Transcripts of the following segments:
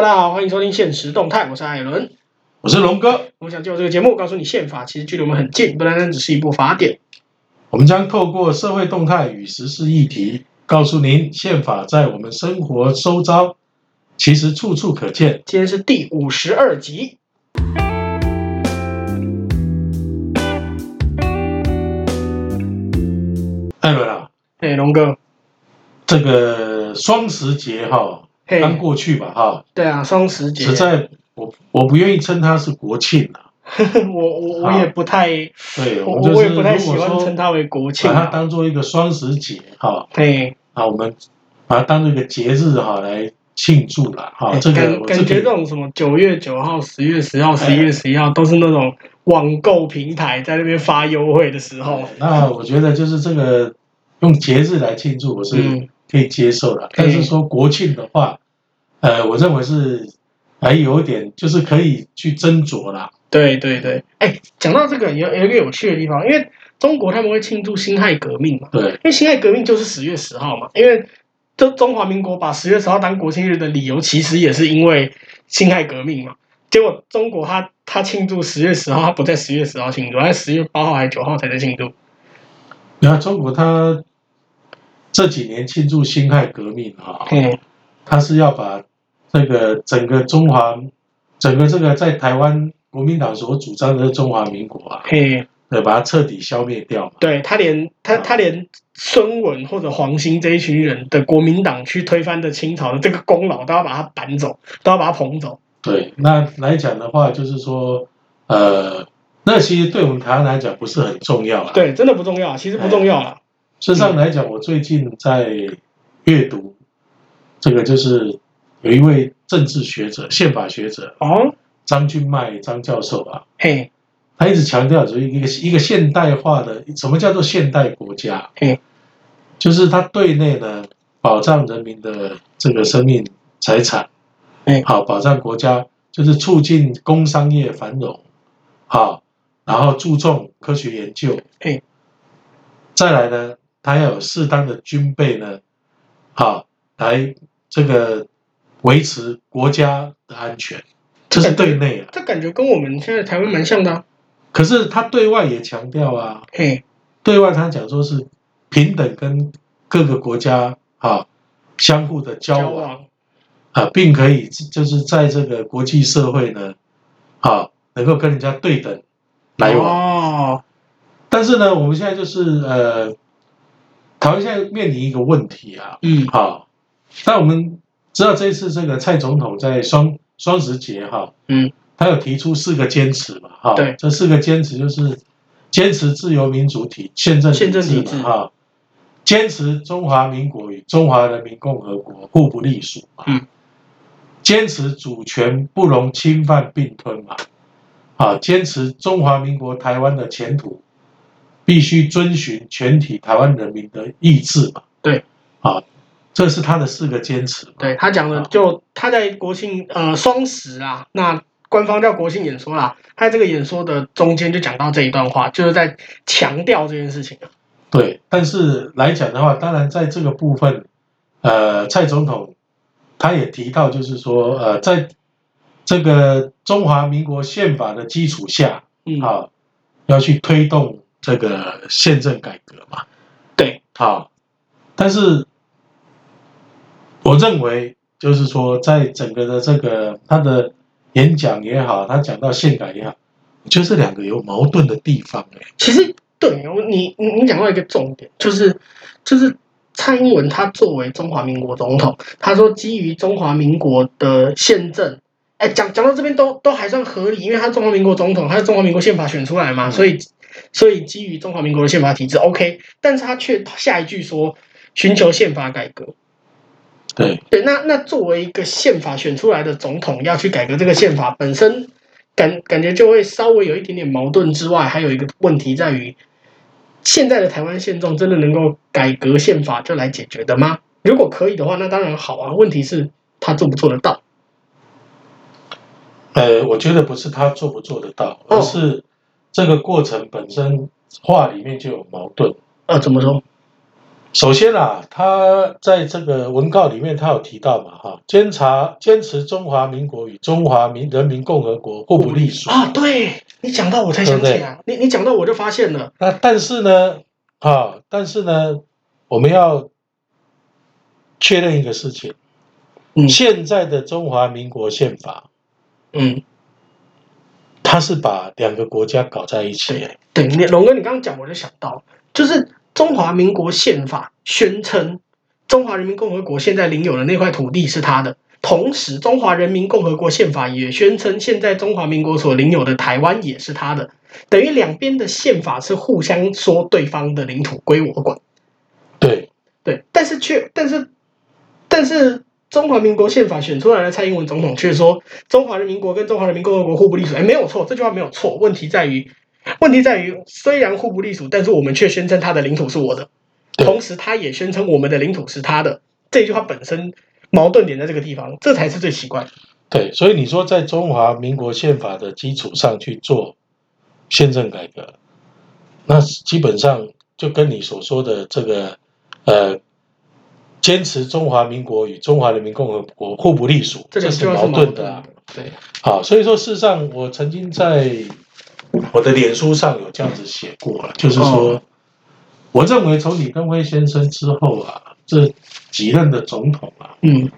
大家好，歡迎收聽現實動態，我是艾倫，我是龍哥，我想借我這個節目告訴你，憲法其實距離我們很近，不單單只是一部法典。我們將透過社會動態與時事議題，告訴您憲法在我們生活周遭其實處處可見。今天是第五十二集。艾倫啊，哎，龍哥，這個雙十節哈、哦。剛 Hey, 過去吧，哈。對啊，雙十節。實在，我我不願意稱它是國慶了。 我我我也不太。好對，我、就是、我也不太喜歡稱它為國慶。把它好當做一個雙十節，哈。對。啊，我們把它當做一個節日，哈，來慶祝了，哈。感、這個、感覺這種什麼九月九號、十月十號、十一、欸、月十一號，都是那種網購平台在那邊發優惠的時候。那我覺得就是這個用節日來慶祝，我是。嗯可以接受了，但是說國慶的話，Okay. 呃，我認為是還有點，就是可以去斟酌啦。對對對，哎、欸，講到這個有，有有一個有趣的地方，因為中國他們會慶祝辛亥革命嘛，對，因為辛亥革命就是十月十號嘛，因為就中中華民國把十月十號當國慶日的理由，其實也是因為辛亥革命嘛。結果中國他他慶祝十月十號，他不在十月十號慶祝，他十月八號還是九號才能慶祝。然後、啊、中國他。這幾年慶祝辛亥革命啊，嗯嘿，他是要把這個整個中華、整個這個在台灣國民黨所主張的中華民國啊，嘿把它徹底消滅掉嘛。對他連他他連孫文或者黃興這一群人的國民黨去推翻的清朝的這個功勞，都要把它搬走，都要把它捧走。對，那來講的話，就是說，呃，那其實對我們台灣來講不是很重要啊，對，真的不重要，其實不重要了。實際上來講，我最近在閱讀，這個就是有一位政治學者、憲法學者哦，張君勱張教授啊，嘿，他一直強調說一個一個現代化的什麼叫做現代國家？嘿，就是他對內呢，保障人民的這個生命財產，好，保障國家，就是促進工商業繁榮，好，然後注重科學研究，再來呢。他要有適當的軍備呢，好、啊、來這個維持國家的安全，這是對內啊。這感覺跟我們現在台灣蠻像的、啊。可是他對外也強調啊，欸、對外他講說是平等跟各個國家啊相互的交往，交往啊，並可以就是在這個國際社會呢啊，能夠跟人家對等來往。哦、但是呢，我們現在就是呃。台灣現在面臨一個問題啊，嗯，好、哦，那我們知道這次這個蔡總統在雙雙十節哈、哦，嗯，他有提出四個堅持嘛，哈、哦，對，這四個堅持就是堅持自由民主體憲政體制哈，制堅持中華民國與中華人民共和國互不隸屬啊，嗯、堅持主權不容侵犯併吞嘛，啊、哦，堅持中華民國台灣的前途。必須遵循全體台灣人民的意志吧。對，啊，這是他的四個堅持。對，他講的，就他在國慶呃雙十啊，那官方叫國慶演說啦，他這個演說的中間就講到這一段話，就是在強調這件事情啊。對，但是來講的話，當然在這個部分，呃，蔡總統他也提到，就是說，呃，在這個中華民國憲法的基礎下，嗯，啊，嗯，要去推動。這個憲政改革嘛，對，好，哦，但是我認為就是說，在整個的這個他的演講也好，他講到憲改也好，就是兩個有矛盾的地方，欸，其實，對，我你你你講到一個重點，就是就是蔡英文他作為中華民國總統，他說基於中華民國的憲政，哎，講講到這邊都都還算合理，因為他中華民國總統，他是中華民國憲法選出來嘛，嗯，所以。所以基於中華民國的憲法體制，OK，但是他卻下一句說尋求憲法改革。對對，那那作為一個憲法選出來的總統要去改革這個憲法本身感，感感覺就會稍微有一點點矛盾之外，還有一個問題在於，現在的台灣現狀真的能夠改革憲法就來解決的嗎？如果可以的話，那當然好啊。問題是他做不做得到。呃，我覺得不是他做不做得到，而是、哦。這個過程本身話裡面就有矛盾啊。怎麼說？首先啦、啊，他在這個文告裡面他有提到嘛，哈，堅持中華民國與中華民人民共和國互不隸屬啊。對你講到我才想起啊，對對你你講到我就發現了。那、啊、但是呢，啊，但是呢，我們要確認一個事情，嗯、現在的中華民國憲法，嗯。他是把兩個國家搞在一起。欸對。對，龍哥，你剛剛講，我就想到，就是中華民國憲法宣稱，中華人民共和國現在領有的那塊土地是他的，同時中華人民共和國憲法也宣稱，現在中華民國所領有的台灣也是他的。等於兩邊的憲法是互相說對方的領土歸我管。對，對，但是卻，但是，但是。中華民國憲法選出來的蔡英文總統卻說：“中華民國跟中華人民共和國互不隸屬。”哎，沒有錯，這句話沒有錯。問題在於，問題在於，雖然互不隸屬，但是我們卻宣稱他的領土是我的，同時他也宣稱我們的領土是他的。對 這句話本身矛盾點在這個地方，這才是最奇怪。對，所以你說在中華民國憲法的基礎上去做憲政改革，那基本上就跟你所說的這個呃。堅持中華民國與中華人民共和國互不隸屬，這是矛盾的。對，啊，所以說，事實上，我曾經在我的臉書上有這樣子寫過，就是說，我認為從李登輝先生之後啊，這幾任的總統啊，嗯，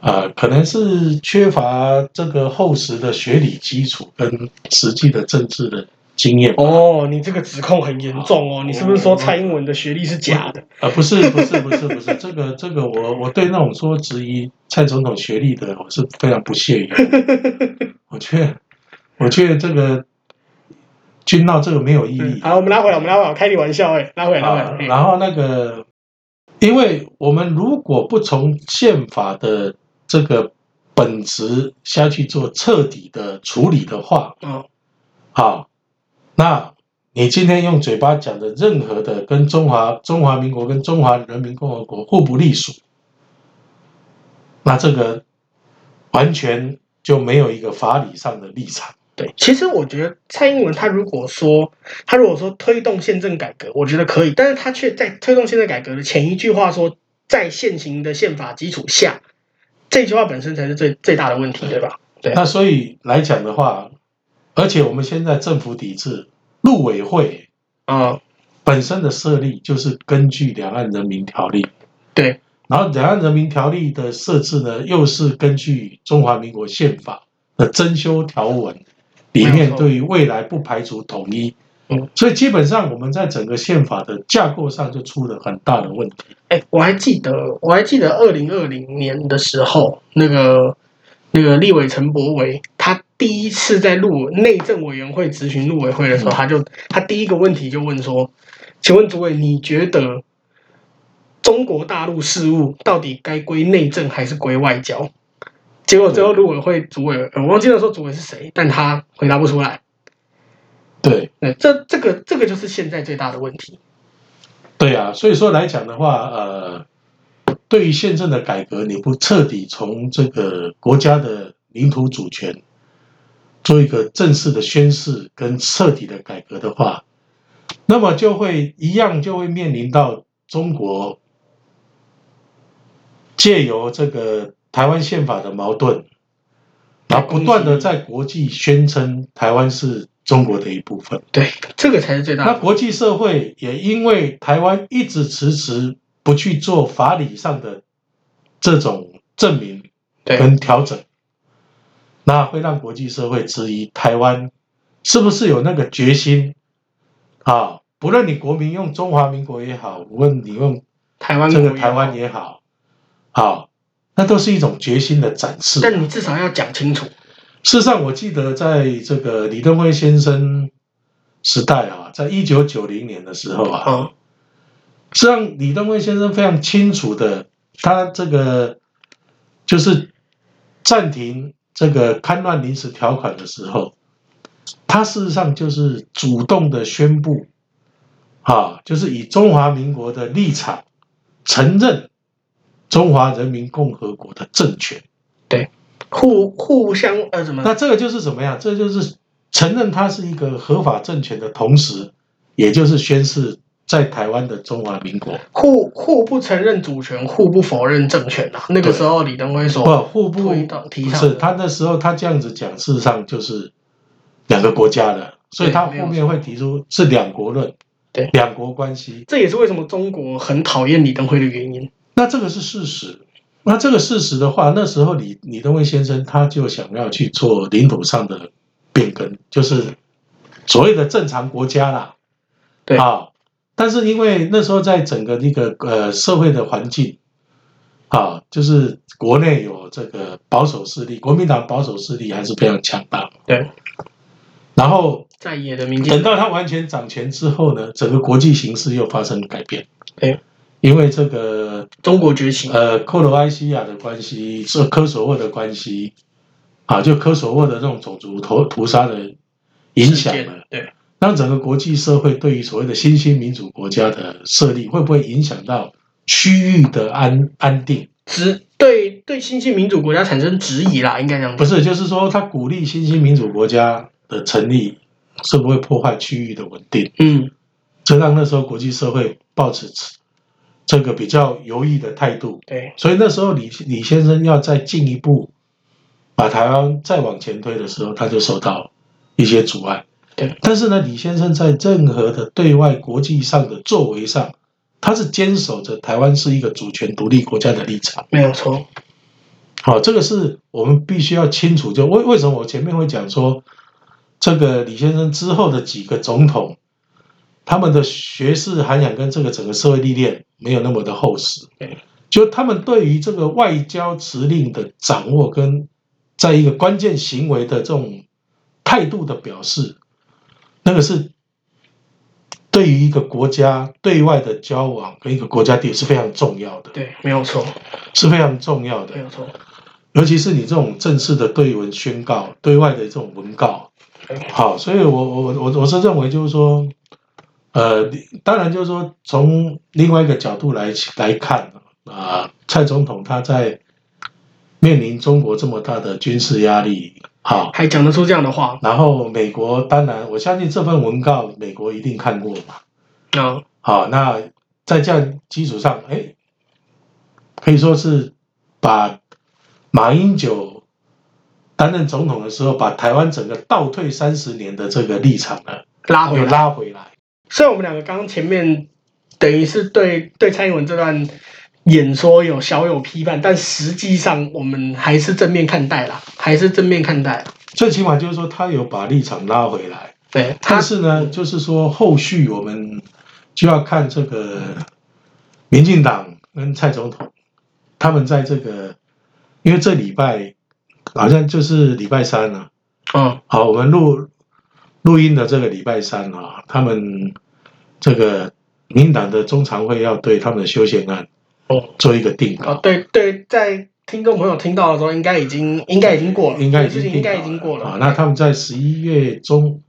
啊，可能是缺乏這個厚實的學理基礎跟實際的政治的。經驗哦，你這個指控很嚴重哦！哦，你是不是說蔡英文的學歷是假的？啊，不是，不是，不是，不是， 這個，這個我，我我對那種說質疑蔡總統學歷的，我是非常不屑於。 我覺得，我覺得這個軍鬧這個沒有意義。好、嗯啊，我們拉回來，我們拉回來，開你玩笑哎、欸，拉回來，回來、啊。然後那個，嘿因為我們如果不從憲法的這個本質下去做徹底的處理的話，嗯、哦，好。那你今天用嘴巴講的任何的跟中華中華民國跟中華人民共和國互不隸屬，那這個完全就沒有一個法理上的立場。對，其實我覺得蔡英文他如果說他如果說推動憲政改革，我覺得可以，但是他卻在推動憲政改革的前一句話說，在現行的憲法基礎下，這句話本身才是最最大的問題，對吧？對。對，那所以來講的話。而且我們現在政府抵制陸委會，啊，本身的設立就是根據《兩岸人民條例》，對。然後《兩岸人民條例》的設置呢，又是根據《中華民國憲法》的增修條文裡面對於未來不排除統一。嗯錯。所以基本上我們在整個憲法的架構上就出了很大的問題。哎、欸，我還記得，我還記得二零二零年的時候，那個那個立委陳柏惟。第一次在入內政委員會質詢陸委會的時候，他就他第一個問題就問說：“請問主委，你覺得中國大陸事務到底該歸內政還是歸外交？”結果最後陸委會主委，對我忘記了說主委是誰，但他回答不出來。對，那、嗯、這這個這個就是現在最大的問題。對啊，所以說來講的話，呃，對於憲政的改革，你不徹底從這個國家的領土主權。做一個正式的宣誓跟徹底的改革的話，那麼就會一樣，就會面臨到中國借由這個台灣憲法的矛盾，然後不斷的在國際宣稱台灣是中國的一部分。對，這個才是最大的。那國際社會也因為台灣一直遲遲不去做法理上的這種證明跟調整。那會讓國際社會質疑台灣是不是有那個決心啊？不論你國民用中華民國也好，無論你用台灣這個台灣也好，好，那都是一種決心的展示。但你至少要講清楚。事實上，我記得在這個李登輝先生時代啊，在一九九零年的時候啊，嗯，實際上李登輝先生非常清楚的，他這個就是暫停。這個戡亂臨時條款的時候，他事實上就是主動的宣布，啊，就是以中華民國的立場承認中華人民共和國的政權。對，互互相呃、啊、什麼？那這個就是怎麼樣？這個，就是承認它是一個合法政權的同時，也就是宣示。在台灣的中華民國，互互不承認主權，互不否認政權啊。那個時候，李登輝說：“不對互不提倡。是”他那時候他這樣子講，事實上就是兩個國家的，所以他後面會提出是兩國論，是的對兩國關係。這也是為什麼中國很討厭李登輝的原因。那這個是事實。那這個事實的話，那時候李李登輝先生他就想要去做領土上的變更，就是所謂的正常國家啦，對啊。哦但是因為那時候在整個那個呃社會的環境，啊，就是國內有這個保守勢力，國民黨保守勢力還是非常強大。對，然後在野的民間，等到他完全掌權之後呢，整個國際形勢又發生改變。對，因為這個中國覺醒，呃，克羅埃西亞的關係是科索沃的關係，啊，就科索沃的這種種族屠屠殺的影響了。對。讓整個國際社會對於所謂的新興民主國家的設立，會不會影響到區域的安安定？指對對新興民主國家產生質疑啦，應該這樣講。不是，就是說他鼓勵新興民主國家的成立，是不會破壞區域的穩定？嗯，這讓那時候國際社會抱持持這個比較猶豫的態度。對，所以那時候李李先生要再進一步把台灣再往前推的時候，他就受到一些阻礙。但是呢，李先生在任何的對外國際上的作為上，他是堅守着台灣是一個主權獨立國家的立場。沒有錯。好，這個是我們必須要清楚。就為為什麼我前面會講說，這個李先生之後的幾個總統，他們的學識涵養跟這個整個社會歷練沒有那麼的厚實。對，就他們對於這個外交辭令的掌握跟在一個關鍵行為的這種態度的表示。那個是對於一個國家對外的交往，跟一個國家地位非常重要的。對，沒有錯，是非常重要的。沒有錯，尤其是你這種正式的對文宣告，對外的這種文告。對好，所以我我我我我是認為，就是說，呃，當然就是說，從另外一個角度來來看啊、呃，蔡總統他在面臨中國這麼大的軍事壓力。好，還講得出這樣的話。然後美國當然，我相信這份文告美國一定看過吧。那、哦、好，那在這樣基礎上，哎、欸，可以說是把馬英九擔任總統的時候，把台灣整個倒退三十年的這個立場呢拉回來，拉回來。所以，我們兩個剛剛前面等於是對對蔡英文這段。演說有小有批判，但實際上我們還是正面看待了，還是正面看待。最起碼就是說，他有把立場拉回來。對。他但是呢，就是說，後續我們就要看這個民進黨跟蔡總統他們在這個，因為這禮拜好像就是禮拜三了啊。嗯。好，我們錄錄音的這個禮拜三啊，他們這個民黨的中常會要對他們的修憲案。哦，做一個定哦，對對，在聽眾朋友聽到的時候，應該已經應該已經過了，應該已經應該已經過了啊、哦。那他們在十一月中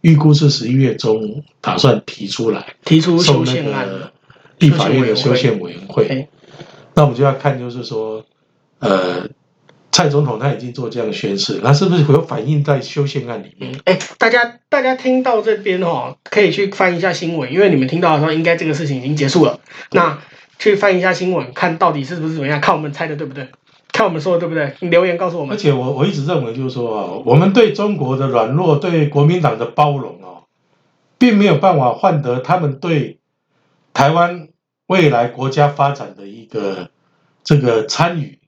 對預估是十一月中打算提出來，提出修憲案，立法院的修憲委員會。員會嘿那我們就要看，就是說，呃，蔡總統他已經做這樣的宣示。那是不是有反映在修憲案裡面？哎、嗯，大家大家聽到這邊哈、哦，可以去翻一下新聞，因為你們聽到的時候，應該這個事情已經結束了。對那。去翻一下新聞，看到底是不是怎麼樣？看我們猜的對不對？看我們說的對不對？你留言告訴我們。而且我我一直認為，就是說啊，我們對中國的軟弱，對國民黨的包容哦，並沒有辦法換得他們對台灣未來國家發展的一個這個參與，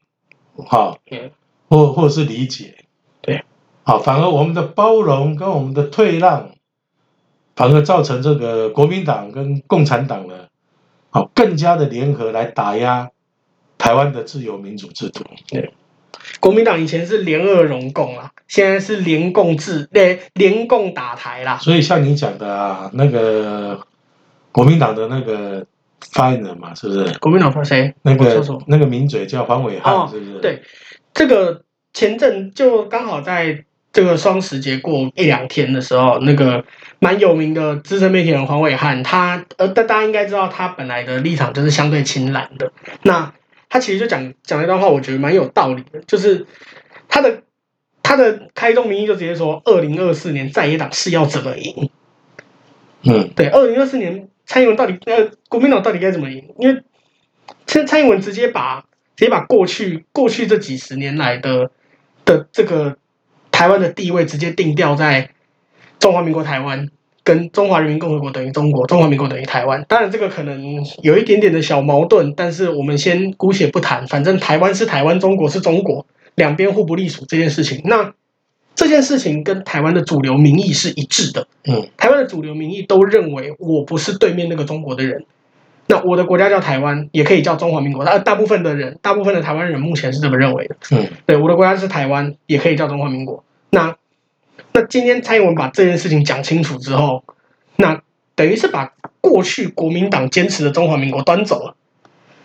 哈，或或是理解，對，好，反而我們的包容跟我們的退讓，反而造成這個國民黨跟共產黨呢。好，更加的聯合來打壓台灣的自由民主制度。對，國民黨以前是聯俄容共啊，現在是聯共制，對，聯共打台啦。所以像你講的、啊、那個國民黨的那個發言人嘛，是不是？國民黨說誰？那個說說那個名嘴叫黃暐瀚，哦、是不是？對，這個前陣就剛好在。這個雙十節過一兩天的時候，那個蠻有名的資深媒體人黃偉漢，他呃，大大家應該知道，他本來的立場就是相對親藍的。那他其實就講講了一段話，我覺得蠻有道理的，就是他的他的開宗明義就直接說，二零二四年在野黨是要怎麼贏？嗯，對，二零二四年蔡英文到底呃國民黨到底該怎麼贏？因為現在蔡英文直接把直接把過去過去這幾十年來的的這個。台灣的地位直接定調在中華民國台灣跟中華人民共和國等於中國，中華民國等於台灣。當然，這個可能有一點點的小矛盾，但是我們先姑且不談。反正台灣是台灣，中國是中國，兩邊互不隸屬這件事情。那這件事情跟台灣的主流民意是一致的。嗯，台灣的主流民意都認為我不是對面那個中國的人，那我的國家叫台灣，也可以叫中華民國。那大大部分的人，大部分的台灣人目前是這麼認為的。嗯，對，我的國家是台灣，也可以叫中華民國。那那今天蔡英文把這件事情講清楚之後，那等於是把過去國民黨堅持的中華民國端走了。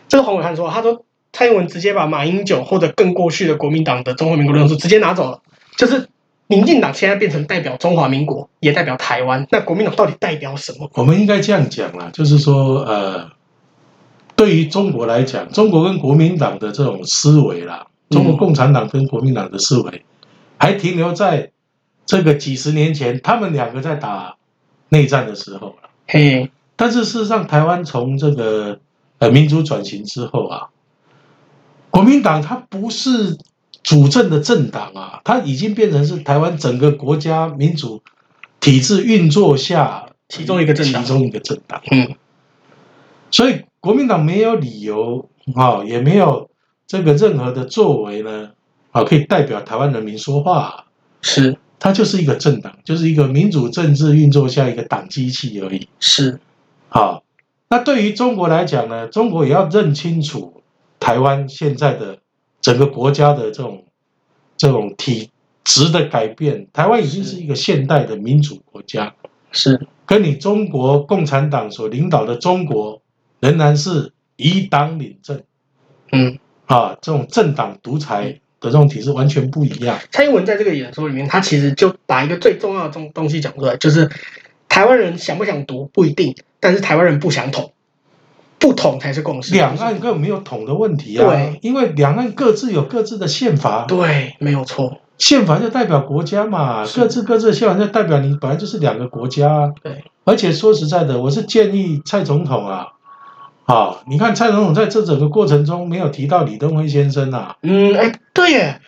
這個黃偉漢說：“他說蔡英文直接把馬英九或者更過去的國民黨的中華民國論述直接拿走了，嗯、就是民進黨現在變成代表中華民國，也代表台灣。那國民黨到底代表什麼？”我們應該這樣講啊，就是說，呃，對於中國來講，中國跟國民黨的這種思維啦，中國共產黨跟國民黨的思維。嗯還停留在這個幾十年前，他們兩個在打內戰的時候了。嗯。但是事實上，台灣從這個呃民主轉型之後啊，國民黨它，不是主政的政黨啊，它已經變成是台灣整個國家民主體制運作下其中一個其中一個政黨。嗯。所以國民黨沒有理由啊，也沒有這個任何的作為呢，可以代表台灣人民說話，是，它就是一個政黨，就是一個民主政治運作下一個黨機器而已。是，好，那對於中國來講呢？中國也要認清楚台灣現在的整個國家的這種這種體制的改變。台灣已經是一個現代的民主國家，是，跟你中國共產黨所領導的中國仍然是以黨領政，嗯，啊，這種政黨獨裁。嗯的這種體制完全不一樣。蔡英文在這個演說裡面，他其實就把一個最重要的東東西講出來，就是台灣人想不想獨不一定，但是台灣人不想統不統才是共識。兩岸根本沒有統的問題啊？對，因為兩岸各自有各自的憲法，對，沒有錯。憲法就代表國家嘛，是各自各自的憲法就代表你本來就是兩個國家啊。對，而且說實在的，我是建議蔡總統啊。好、哦，你看蔡總統在這整個過程中沒有提到李登輝先生吶、啊？嗯，哎、欸，對耶，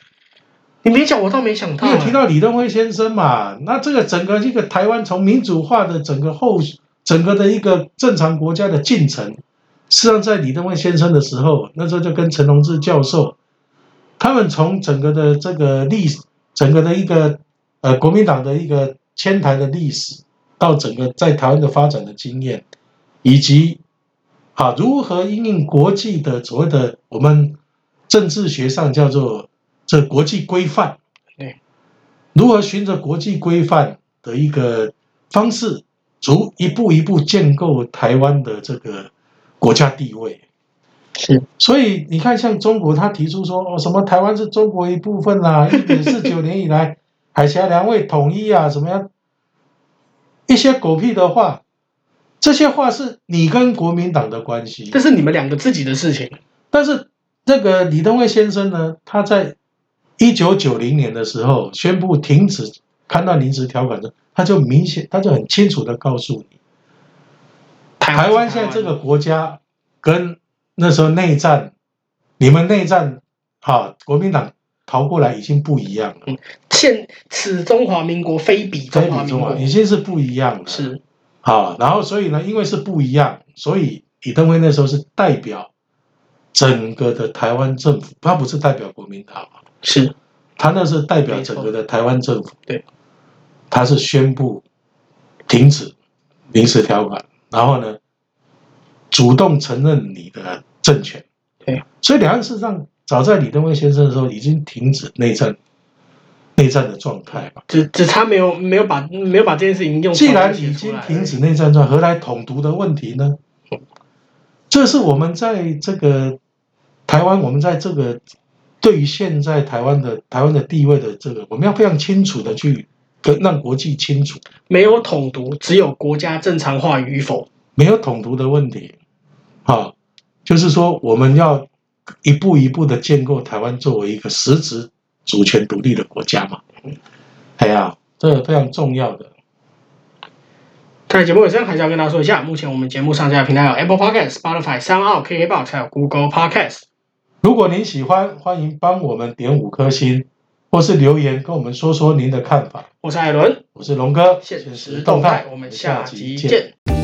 你沒講，我倒沒想到。啊，沒有提到李登輝先生嘛？那這個整個一個台灣從民主化的整個後，整個的一個正常國家的進程，實際上在李登輝先生的時候，那時候就跟陳隆志教授他們從整個的這個歷史，整個的一個呃國民黨的一個遷台的歷史，到整個在台灣的發展的經驗，以及。啊，如何應用國際的所謂的我們政治學上叫做這國際規範？對，如何循着國際規範的一個方式，逐一步一步建構台灣的這個國家地位？是。所以你看，像中國，他提出說哦什麼台灣是中國一部分啊，1949年以來海峽兩岸統一啊， 什麼樣？一些狗屁的話。這些話是你跟國民黨的關係，這是你們兩個自己的事情。但是，這個李登輝先生呢，他在一九九零年的時候宣布停止戡亂臨時條款的時候，他就明顯，他就很清楚的告訴你，台灣，台，灣台灣現在這個國家跟那時候內戰，你們內戰，哈，國民黨逃過來已經不一樣了。現、嗯、此中華民國非彼中華民國華，已經是不一樣了。是。啊，然後所以呢，因為是不一樣，所以李登輝那時候是代表整個的台灣政府，他不是代表國民黨，是他那是代表整個的台灣政府。對，他是宣布停止臨時條款，然後呢，主動承認你的政權。對，所以兩岸事實上早在李登輝先生的時候已經停止內政內戰的狀態吧，只只差沒有沒有把沒有把這件事情用，既然已經停止內戰狀，何來統獨的問題呢？這是我們在這個台灣，我們在這個對於現在台灣的台灣的地位的這個，我們要非常清楚的去跟讓國際清楚，沒有統獨，只有國家正常化與否，沒有統獨的問題。好、哦，就是說我們要一步一步的建構台灣作為一個實質。主權獨立的國家嘛，哎呀，這個非常重要的。在節目尾聲，還是要跟大家說一下，目前我們節目上架的平台有 Apple Podcast, Podcast、Spotify、SoundOn、KKBOX，還有 Google Podcast。如果您喜歡，歡迎幫我們點五顆星，或是留言跟我們說說您的看法。我是艾倫，我是龍哥，限時動態，我們下集見。